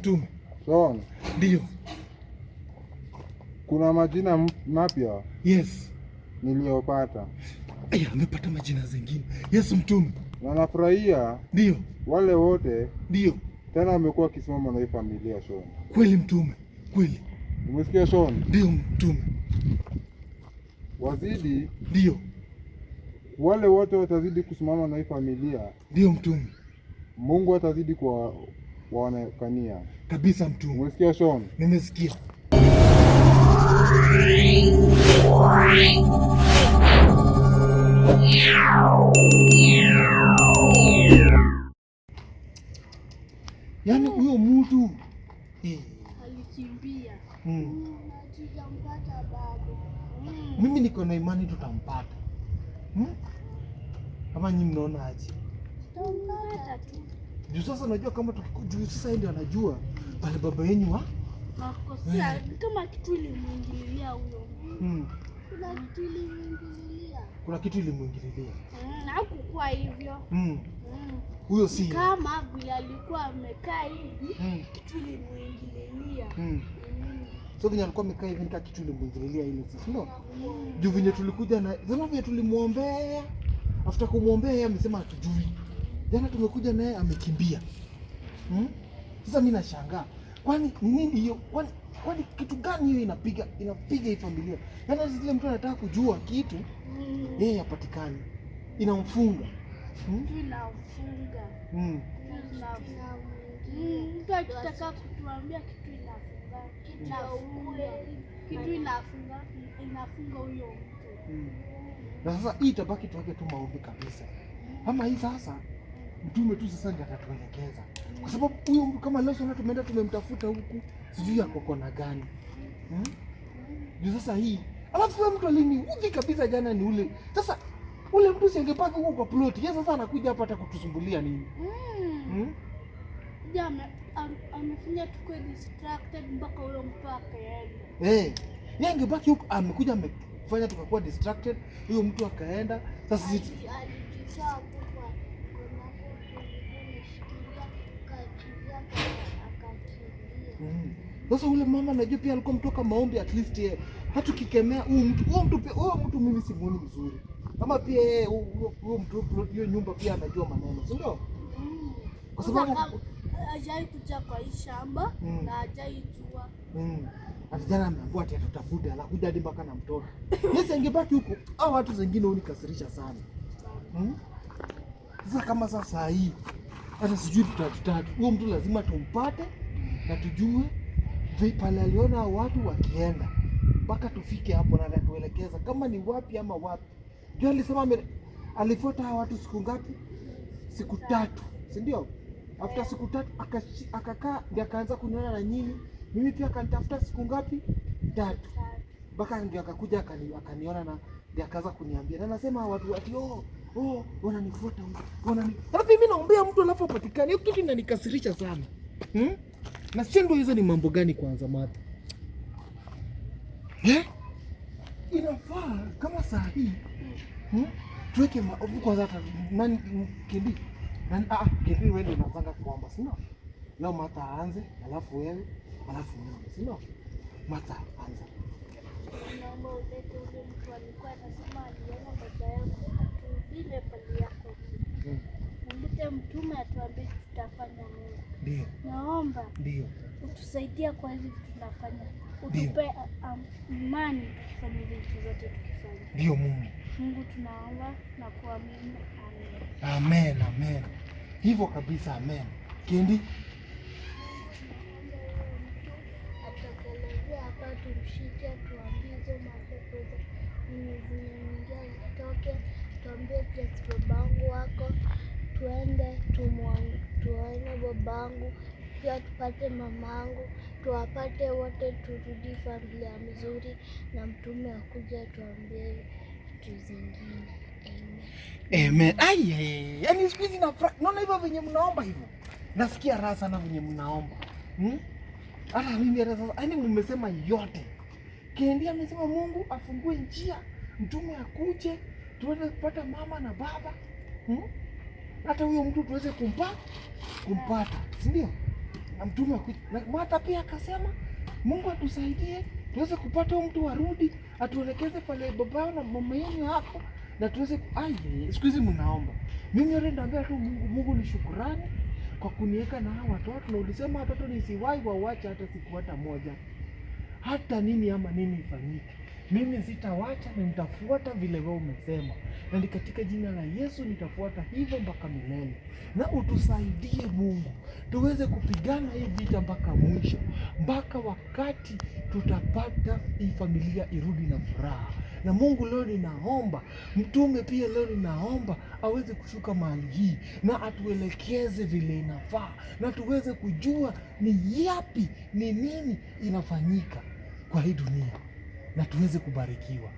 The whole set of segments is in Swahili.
mtume. Sawa. Ndio. Kuna majina mapya? Yes. Niliyopata. Aya, amepata majina zingine. Yes mtume. Na nafurahia. Ndio. Wale wote. Ndio. Tena amekuwa akisimama na hii familia Shon. Kweli mtume. Kweli. Umesikia Shon? Ndio mtume. Wazidi. Ndio. Wale wote watazidi kusimama na hii familia. Ndio mtume. Mungu atazidi kwa waonekania kabisa. Mtu umesikia Shon? Nimesikia. Yaani huyo mtu eh. alikimbia, hmm. hmm. Mimi niko na imani tutampata. Hmm? Kama nyinyi mnaona aje? Tutampata tu. Juu sasa unajua kama juu sasa yeye ndio anajua pale baba yenu wa makosa hmm. Eh. Kama kitu ilimwingililia huyo hmm. Kuna kitu ilimwingililia, kuna kitu ilimwingililia mm, hakukuwa hivyo mm. Mm. Huyo si kama vile alikuwa amekaa hivi mm. Kitu ilimwingililia mm. mm. So venye alikuwa amekaa hivi nika kitu ilimwingililia ile sasa no mm. Juu venye tulikuja na sema venye tulimwombea, afuta kumwombea yeye amesema hatujui Jana tumekuja naye amekimbia. Hmm? Sasa mimi nashangaa. Kwani ni nini hiyo? Kwani kwani kitu gani hiyo inapiga inapiga hii familia? Yaani zile mtu anataka kujua kitu yeye hapatikani. Inamfunga. Hmm? Hmm. hmm. Na sasa hii tabaki tuweke tu maombi kabisa. Ama hii sasa Mtume tu sasa ndiye atatuelekeza, kwa sababu huyo mtu kama leo sana tumeenda tumemtafuta huku, sijui yako kona gani hmm? Juu sasa hii alafu yule mtu aliniudhi kabisa jana ni ule sasa ule mtu singepaki huko kwa plot yeye sasa anakuja hapa hata kutusumbulia nini mm. hmm? Jama amefanya tukwe distracted mpaka ule mpaka yeye eh yeye angebaki huko amekuja amefanya tukakuwa distracted huyo mtu akaenda sasa sisi Sasa Ule mama najua pia alikuwa mtoka maombi, at least yeye Hata hatukikemea huyu mtu huyu mtu pia huyu mtu mimi simuoni mzuri, Kama pia yeye huyu mtu hiyo nyumba pia anajua maneno, si ndio? Kwa sababu ajai kuja kwa hii shamba mm. na ajai jua mm. Vijana ameambiwa ati atatafuta, anakuja hadi mpaka na mtoto yes, angebaki huko au watu wengine unikasirisha sana mm? Sasa kama sasa hii hata sijui tutatuta huyo mtu lazima tumpate na tujue pale aliona watu wakienda mpaka tufike hapo, na atatuelekeza kama ni wapi ama wapi. Ndio alisema alifuata watu siku ngapi? Siku tatu, si ndio? After siku tatu akakaa, ndio akaanza kuniona na nyinyi. Mimi pia akanitafuta siku ngapi? Tatu, mpaka ndio akakuja akaniona na ndio akaanza kuniambia, na nasema watu ati oh oh, wananifuata wanani. Alafu mimi naombea mtu alafu apatikane, hiyo kitu inanikasirisha sana hmm? Na chendo hizo ni mambo gani kwanza Martha? Eh? Inafaa kama saa hii hmm? Tuweke maovu kwanza hata nani kidi Nani ah, ah kidi wewe ndio unapanga kuomba si ndio? Leo Martha aanze, alafu wewe, alafu mimi, si ndio? Martha anza. Hmm. Biblia mtume atuambie tutafanya nini. Ndio. Naomba. Ndio. Utusaidia kwa hivi tunafanya. Utupe amani tufanye vitu zote tukifanya. Ndio Mungu. Mungu tunaomba na kuamini. Amen. Amen, amen. Hivyo kabisa amen. Kindi? Atakalejea hapa tumshike tuambize mapepo zinamwingia zitoke tuambie kwa wako tuende tuone babangu, pia tupate mamangu, tuwapate wote, turudi familia mzuri, na mtume akuja tuambie vitu zingine. Amen. Amen. Yaani siku hizi naona hivyo venye mnaomba hivyo, nasikia raha sana venye mnaomba hmm? Hata mimi hata sasa, yani, mmesema yote. Kendi amesema Mungu afungue njia, mtume akuje, tuende kupata mama na baba hmm? hata huyo mtu tuweze kumpa kumpata, si ndio? Na mtume Martha pia akasema Mungu atusaidie tuweze kupata huyo mtu, warudi atuelekeze pale babao na mama yenu hapo, na tuweze siku hizi mnaomba. Mimi yule ndaambia tu Mungu, Mungu ni shukurani kwa kuniweka na hawa watoto, na ulisema watoto nisiwai wauache hata siku hata moja, hata nini ama nini ifanyike mimi sitawacha na nitafuata vile wewe umesema, na ni katika jina la Yesu nitafuata hivyo mpaka milele. Na utusaidie Mungu, tuweze kupigana hii vita mpaka mwisho, mpaka wakati tutapata hii familia irudi na furaha. Na Mungu, leo ninaomba mtume pia, leo ninaomba aweze kushuka mahali hii na atuelekeze vile inafaa, na tuweze kujua ni yapi, ni nini inafanyika kwa hii dunia na tuweze kubarikiwa,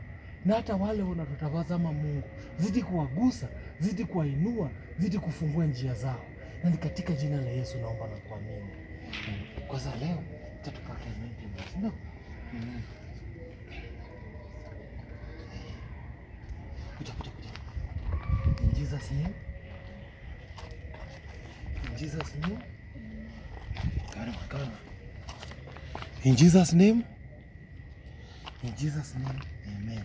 na hata wale wanatutazama, Mungu zidi kuwagusa, zidi kuwainua, zidi kufungua njia zao, na ni katika jina la Yesu naomba na kuamini. za leo tatupaka no. mm. Kuja, kuja, kuja. In Jesus name. In karma. In Jesus name. In Jesus name, amen.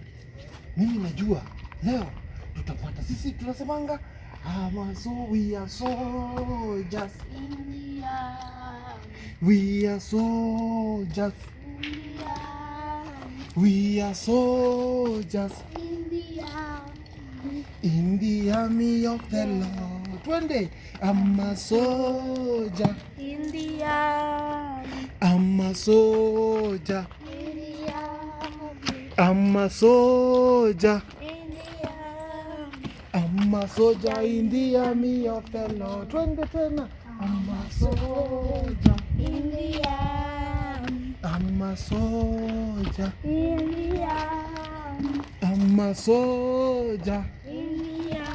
Mimi najua leo tutapata sisi tunasemanga ama so we are soldiers. We are soldiers. We are soldiers. In the army of the Lord. Twende, I'm a soldier. In the army. I'm a soldier soja. India. soja, India, mi of Twende tena. Amma soja. India. Amma soja. India. Amma soja. India.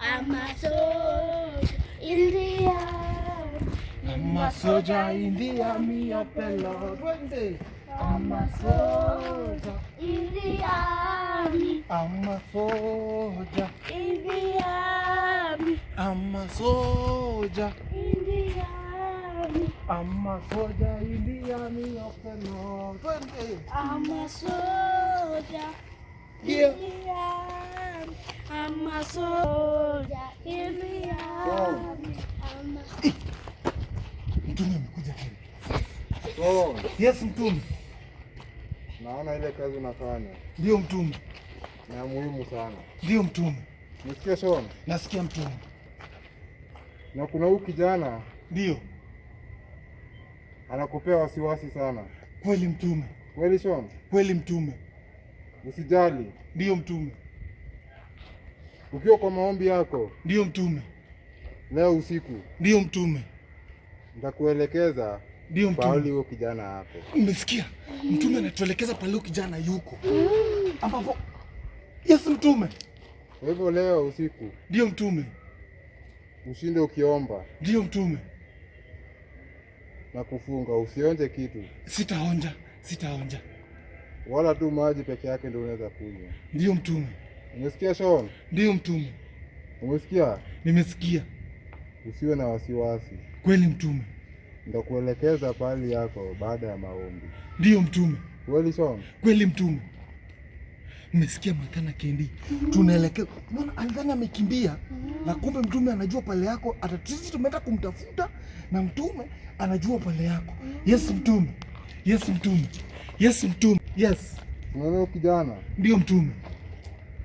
Amma soja. India. Amma soja, India, mi of Twende. అమ్మ సోజ ఇది ఆమి అమ్మ సోజ ఇది ఆమి అమ్మ సోజ ఇది ఆమి అమ్మ సోజ ఇది ఆమి ఒక్కనో అమ్మ సోజ ఇది ఆమి అమ్మ సోజ ఇది ఆమి అమ్మ Mtume amekuja tena. Yes, Mtume. Naona ile kazi unafanya ndio mtume na muhimu sana. Ndio mtume, nasikia son nasikia mtume. Na kuna huyu kijana ndio anakupea wasiwasi sana. Kweli mtume, kweli Shon, kweli mtume. Usijali, ndio mtume. Ukiwa kwa maombi yako, ndio mtume, leo usiku, ndio mtume, nitakuelekeza ndio mtume. Huyo kijana hapo. Umesikia? Mtume anatuelekeza pale huyo kijana yuko. Hmm. Ambapo Yesu mtume. Kwa hivyo leo usiku. Ndio mtume. Ushinde ukiomba. Ndio mtume. Na kufunga usionje kitu. Sitaonja, sitaonja. Wala tu maji peke yake ndio unaweza kunywa. Ndio mtume. Umesikia Sean? Ndio mtume. Umesikia? Nimesikia. Usiwe na wasiwasi. Kweli mtume. Nitakuelekeza pahali yako baada ya maombi. Ndiyo mtume. Kweli sana. Kweli mtume. Nimesikia Makana Kendi tunaelekea. Mbona alidhani amekimbia na kumbe mtume anajua pale yako. Hata sisi tumeenda kumtafuta na mtume anajua pale yako. Yes mtume. Yes mtume. Yes mtume. Yes. Unaona kijana? Ndiyo mtume.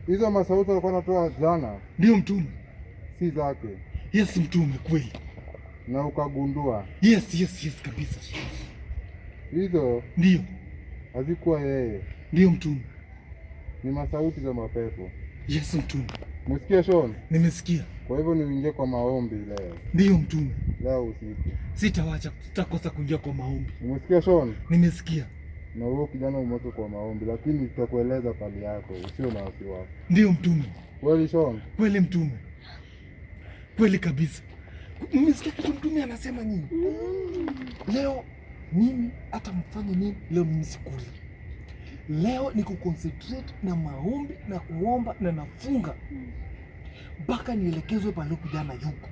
Hizo masauti alikuwa anatoa jana. Ndiyo mtume. Si zake. Yes mtume kweli na ukagundua. Yes, yes, yes, kabisa hizo ndio hazikuwa yeye, ndio mtumi, ni masauti za mapepo. Yes, mtumi. Umesikia Shon? Nimesikia. Kwa hivyo niingie kwa maombi leo. Ndiyo mtume. Leo usiku. Sitawacha, sitakosa kuingia kwa maombi. Umesikia Shon? Nimesikia. Na wewe kijana umweke kwa maombi, lakini nitakueleza pali yako, usio na wasiwasi. Ndiyo mtume. Kweli Shon? Kweli mtume, kweli kabisa mmesikia kitu mtume anasema nini? Leo mimi hata mfanye nini leo, mimi sikuli leo, ni kuconcentrate na maombi na kuomba na nafunga mpaka nielekezwe pale kijana yuko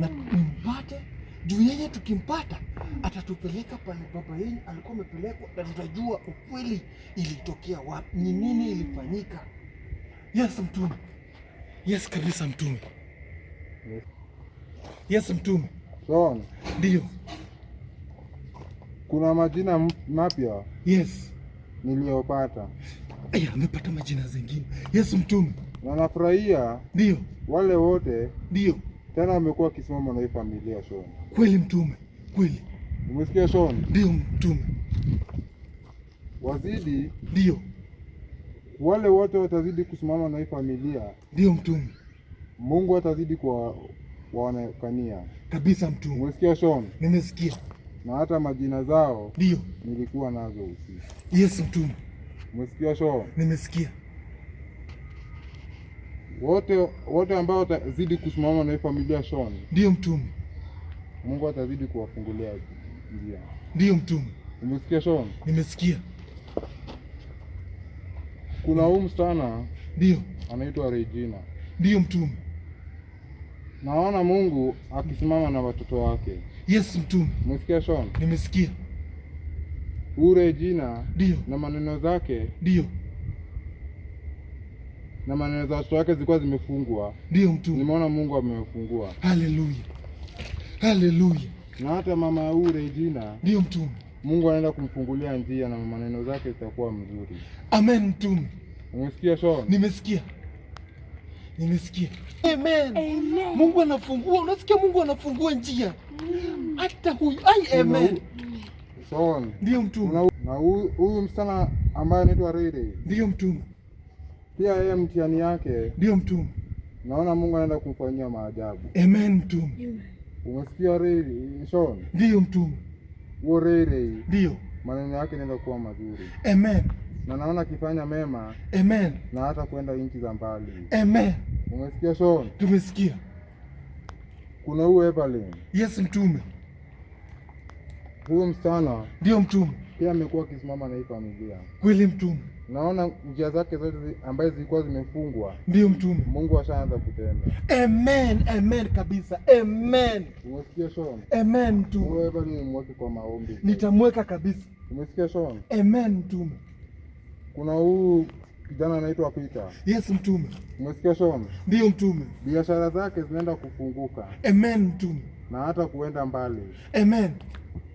na mpate juu yeye tukimpata atatupeleka pale baba yenye alikuwa amepelekwa, na tutajua ukweli ilitokea wapi, ni nini ilifanyika. Yes mtume, yes kabisa mtume, yes. Yesu mtume. Sawa. Ndio. Kuna majina mapya? Yes. Niliyopata. Aya, amepata majina zingine. Yesu mtume. Na nafurahia. Ndio. Wale wote. Ndio. Tena amekuwa wakisimama na hii familia Shon. Kweli mtume. Kweli. Umesikia son Ndio mtume. Wazidi. Ndio. Wale wote watazidi kusimama na hii familia. Ndio mtume. Mungu atazidi kwa wanaonekania kabisa. Mtu umesikia Shon? Nimesikia. Na hata majina zao ndio nilikuwa nazo usiku. Yes mtumi. Umesikia Shon? Nimesikia. Wote wote ambao watazidi kusimama na familia Shon, ndio mtumi, Mungu atazidi kuwafungulia njia. Ndio mtumi. Umesikia Shon? Nimesikia. Kuna huyu msichana ndio anaitwa Regina. Ndio mtume Naona Mungu akisimama na watoto wake. Yes, mtume. Umesikia Shon? Nimesikia. Ure jina ndio na maneno zake ndio na maneno za watoto wake zilikuwa zimefungwa. Ndio mtume. Nimeona Mungu amefungua. Haleluya. Haleluya. Na hata mama ya Ure jina ndio mtume. Mungu anaenda kumfungulia njia na maneno zake zitakuwa mzuri. Amen mtume. Umesikia Shon? Nimesikia. Nimesikia. Amen. Amen. Mungu anafungua, unasikia Mungu anafungua njia. Mm. Hata huyu ai amen. Sawa. Ndio mtu. Na huyu msichana ambaye anaitwa Rede. ndio mtu. Pia yeye mtihani yake. ndio mtu. Naona Mungu anaenda kumfanyia maajabu. Amen mtu. Umesikia Rede, Sean? Ndio mtu. Huo Rede. ndio Maneno yake yanaenda kuwa mazuri. Amen na naona akifanya mema Amen. na hata kwenda nchi za mbali Amen. Umesikia Shon? Tumesikia. Kuna huyu Evelyn. Yes, mtume. Huyu msichana ndio mtume pia amekuwa akisimama na hii familia kweli, mtume. Naona njia zake zote ambazo zilikuwa zimefungwa, ndio mtume, Mungu ashaanza kutenda. Amen, amen kabisa, amen. Umesikia Shon? Amen, mtume. Huyu Evelyn nimweke kwa maombi, nitamweka kabisa. Umesikia Shon? Amen, mtume kuna huu kijana anaitwa Peter. Yes, mtume. Umesikia Shom? Ndiyo mtume. Biashara zake zinaenda kufunguka. Amen, mtume. Na hata kuenda mbali. Amen.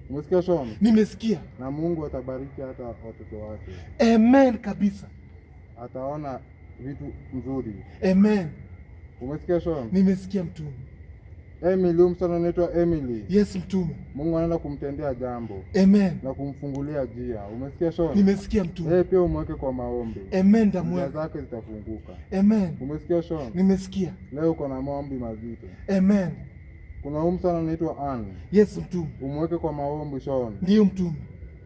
Umesikia Shom? Nimesikia. Na Mungu atabariki hata watoto wake. Amen kabisa. Ataona vitu nzuri. Amen. Umesikia Shom? Nimesikia mtume. Emily, msichana anaitwa Emily. Yes, mtume. Mungu anaenda kumtendea jambo. Amen. Na kumfungulia njia. Umesikia Shona? Nimesikia mtume. Yeye pia umweke kwa maombi. Amen, damu Njia zake zitafunguka. Amen. Umesikia Shona? Nimesikia. Leo uko na maombi mazito. Amen. Kuna huyu msichana anaitwa Anne. Yes, mtume. Umweke kwa maombi Shona. Ndiyo mtume.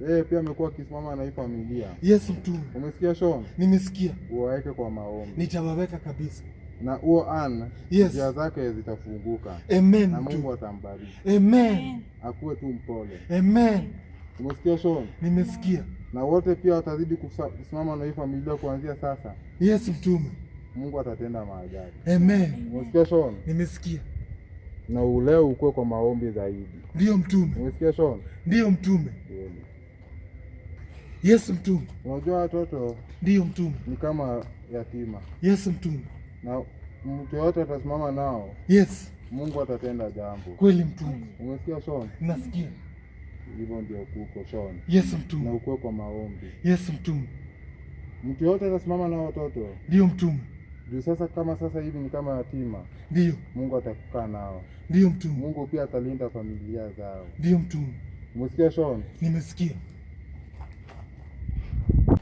Yeye pia amekuwa akisimama na hii familia. Yes, mtume. Umesikia Shona? Nimesikia. Uwaweke kwa maombi. Nitawaweka kabisa na huo an yes, njia zake zitafunguka. Amen, na Mungu atambariki. Amen, akuwe tu mpole. Amen. Umesikia Shon? Nimesikia. Na wote pia watazidi kusimama na hii familia kuanzia sasa. Yes, mtume. Mungu atatenda maajabu. Amen. Umesikia Shon? Nimesikia. Na uleo ukuwe kwa maombi zaidi. Ndio mtume. Umesikia Shon? Ndio mtume. Yes, mtume. Unajua watoto ndio mtume ni kama yatima. Yes, mtume na mtu yoyote atasimama nao, yes, Mungu atatenda jambo. Kweli mtume, umesikia Shon? Nasikia. Hivyo ndio kuko Shon. Yes mtume, na ukuwe kwa maombi. Yes mtume, mtu yoyote atasimama nao watoto, ndio mtume juu sasa, kama sasa hivi ni kama yatima, ndio Mungu atakukaa nao, ndio mtume. Mungu pia atalinda familia zao, ndio mtume. Umesikia Shon? Nimesikia.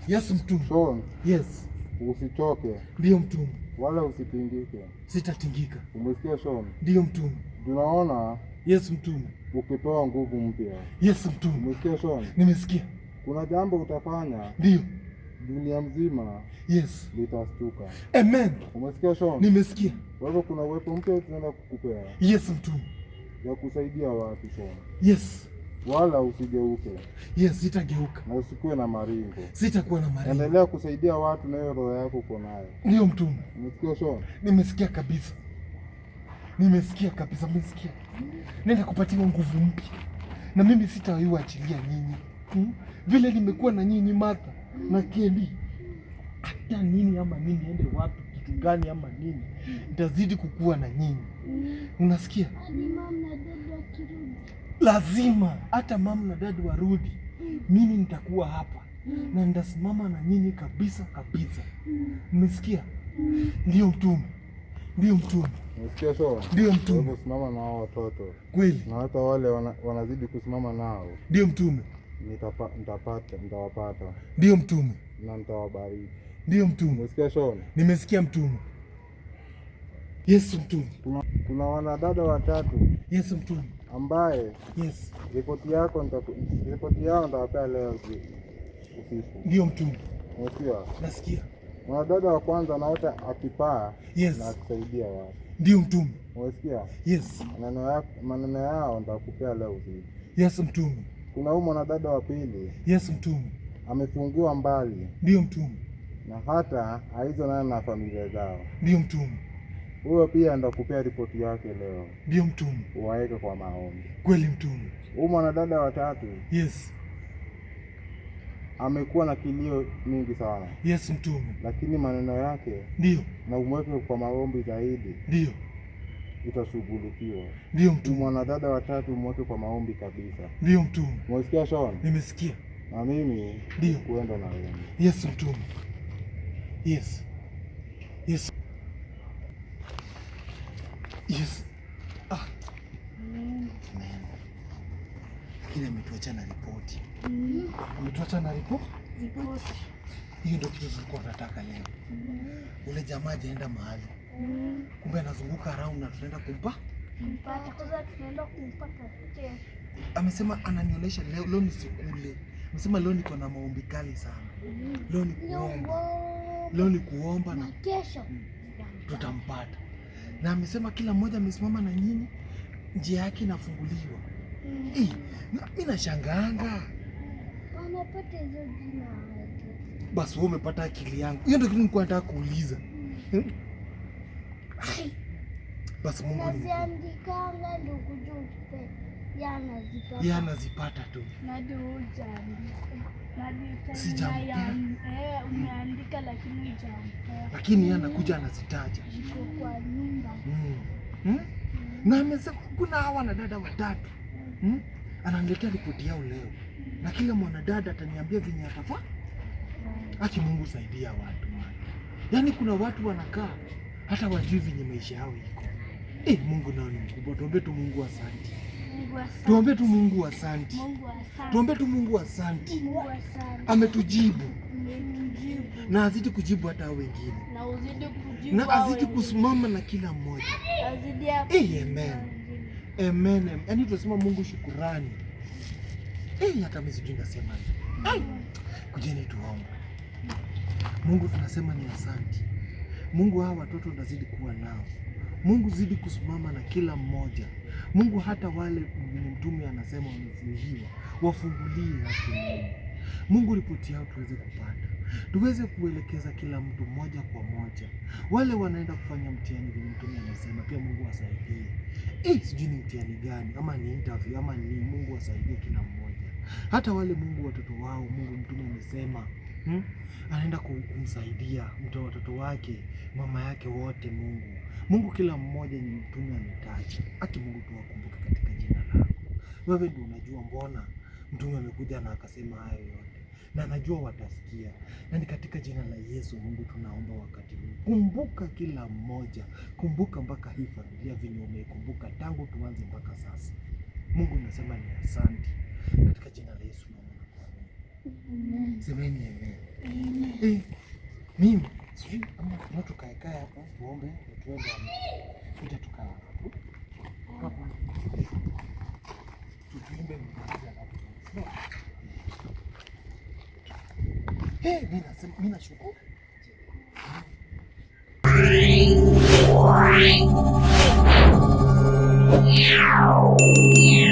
Yes mtume. Shon, yes, usichoke, ndio mtume wala usitingike. Sitatingika. Umesikia Shon? Ndiyo mtume. Tunaona. Yes mtume. Ukipewa nguvu mpya. Yes mtume. Umesikia Shon? Nimesikia. Kuna jambo utafanya. ndio Dunia mzima. Yes. Litastuka. Amen. Umesikia Shon? Nimesikia. Kwa hivyo kuna uwepo mpya tunaenda kukupea. Yes mtume. Ya kusaidia watu Shon. Yes wala usigeuke. Yes, sitageuka na usikuwe na maringo, sitakuwa na maringo. Endelea kusaidia watu na hiyo roho yako uko nayo, ndio mtume. Umesikia Shona? Nimesikia kabisa, nimesikia kabisa, nimesikia. Nenda kupatiwa nguvu mpya, na mimi achilia nyinyi hmm? vile nimekuwa na nyinyi Martha na Kelly, hata nini ama nini, ende wapi kitu gani ama nini, nitazidi kukuwa na nyinyi, unasikia? lazima hata mama na dadi warudi, mimi nitakuwa hapa na nitasimama na nyinyi kabisa kabisa. Mmesikia? Ndio mtume, ndio mtume. Umesikia sawa? Ndio mtume, simama na hao watoto kweli, na hata wale wanazidi kusimama nao. Ndio mtume, nitapata nitawapata. Ndio mtume, na nitawabariki. Ndio mtume. Umesikia Shona? Nimesikia mtume. Yesu mtume, kuna wanadada watatu. Yesu mtume ambaye yes. Ripoti yako ripoti yao ndawapea leo usiku. Ndio mtume, unasikia? Nasikia. Mwanadada wa kwanza anaota akipaa yes. na akisaidia watu. Ndio mtume, unasikia? Yes. Maneno yao ndakupea leo usiku. Yes mtume. Kuna huyu mwanadada wa pili. Yes mtume. Amefungiwa mbali. Ndio mtume. Na hata haizo nana na familia zao. Ndio mtume. Huyo pia ndakupea ripoti yake leo. Ndio mtume, uwaeke kwa maombi. Kweli mtume, huyu mwanadada watatu yes, amekuwa na kilio mingi sana. Yes mtume, lakini maneno yake ndio, na umweke kwa maombi zaidi, ndio itashughulikiwa. Ndio mtume, mwanadada watatu umweke kwa maombi kabisa. Ndio mtume, umesikia shon Nimesikia na mimi ndio kuenda na wewe. Yes mtume, yes. Yes. Ah. Mm. Man. Lakini ametuacha na ripoti. Mm. Ametuacha na ripoti? Ripoti. Hiyo ndio kitu tulikuwa tunataka leo. Mm. Ule jamaa ajaenda mahali. Mm. Kumbe anazunguka around na tunaenda kumpa? Mpata tunaenda kesho. Amesema leo, leo ni siku Amesema leo niko na maombi kali sana. Mm. Leo ni kuomba. Leo ni kuomba na, Mm. Tutampata na amesema kila mmoja amesimama na nyinyi, njia yake inafunguliwa. Mm. Eh, na mimi basi wewe umepata akili yangu. Hiyo ndio kitu nilikuwa nataka kuuliza. Mm. Basi Mungu anaziandikanga ndugu, yeye tu sijampea eh, lakini yeye anakuja anazitaja mm. Mm? na amesema kuna hawa na dada watatu mm? ananiletea ripoti yao leo na kila mwanadada ataniambia venye atafaa. Achi Mungu saidia watu, yaani kuna watu wanakaa hata wajui venye maisha yao iko. Eh, Mungu nao ni mkubwa, tuombe tu Mungu asante. Tuombe tu Mungu asanti, tuombe tu Mungu asante, ametujibu na azidi kujibu hata wengine, na azidi kusimama na kila mmoja. Amen, amen. Yaani tunasema Mungu shukurani. Eh, hata mizijinga kujeni, tuombe Mungu, tunasema ni asanti Mungu, hawa watoto unazidi kuwa nao Mungu, zidi kusimama na kila mmoja Mungu hata wale mwenye mtume anasema wamefungiwa, wafungulie haki Mungu. Mungu ripoti yao tuweze kupata, tuweze kuelekeza kila mtu moja kwa moja. Wale wanaenda kufanya mtihani vile mtume anasema pia, Mungu wasaidie. Eh, sijui ni mtihani gani, ama ni interview ama ni, Mungu wasaidie kila mmoja, hata wale Mungu watoto wao, Mungu mtume amesema hmm? Anaenda kumsaidia mtoto watoto wake mama yake wote. Mungu Mungu, kila mmoja ni mtume ametaji haki. Mungu tuwakumbuke katika jina lako. Wewe ndio unajua mbona mtume amekuja na akasema hayo yote, na najua watasikia, na ni katika jina la Yesu. Mungu tunaomba wakati huu, kumbuka kila mmoja, kumbuka mpaka hii familia venye umeikumbuka tangu tuanze mpaka sasa. Mungu nasema ni asante katika jina la Yesu. Semeni eh, Mimi sijui ama tuna tukae kae hapa tuombe tuende kuja tukae hapa eh, mimi nashukuru Yeah.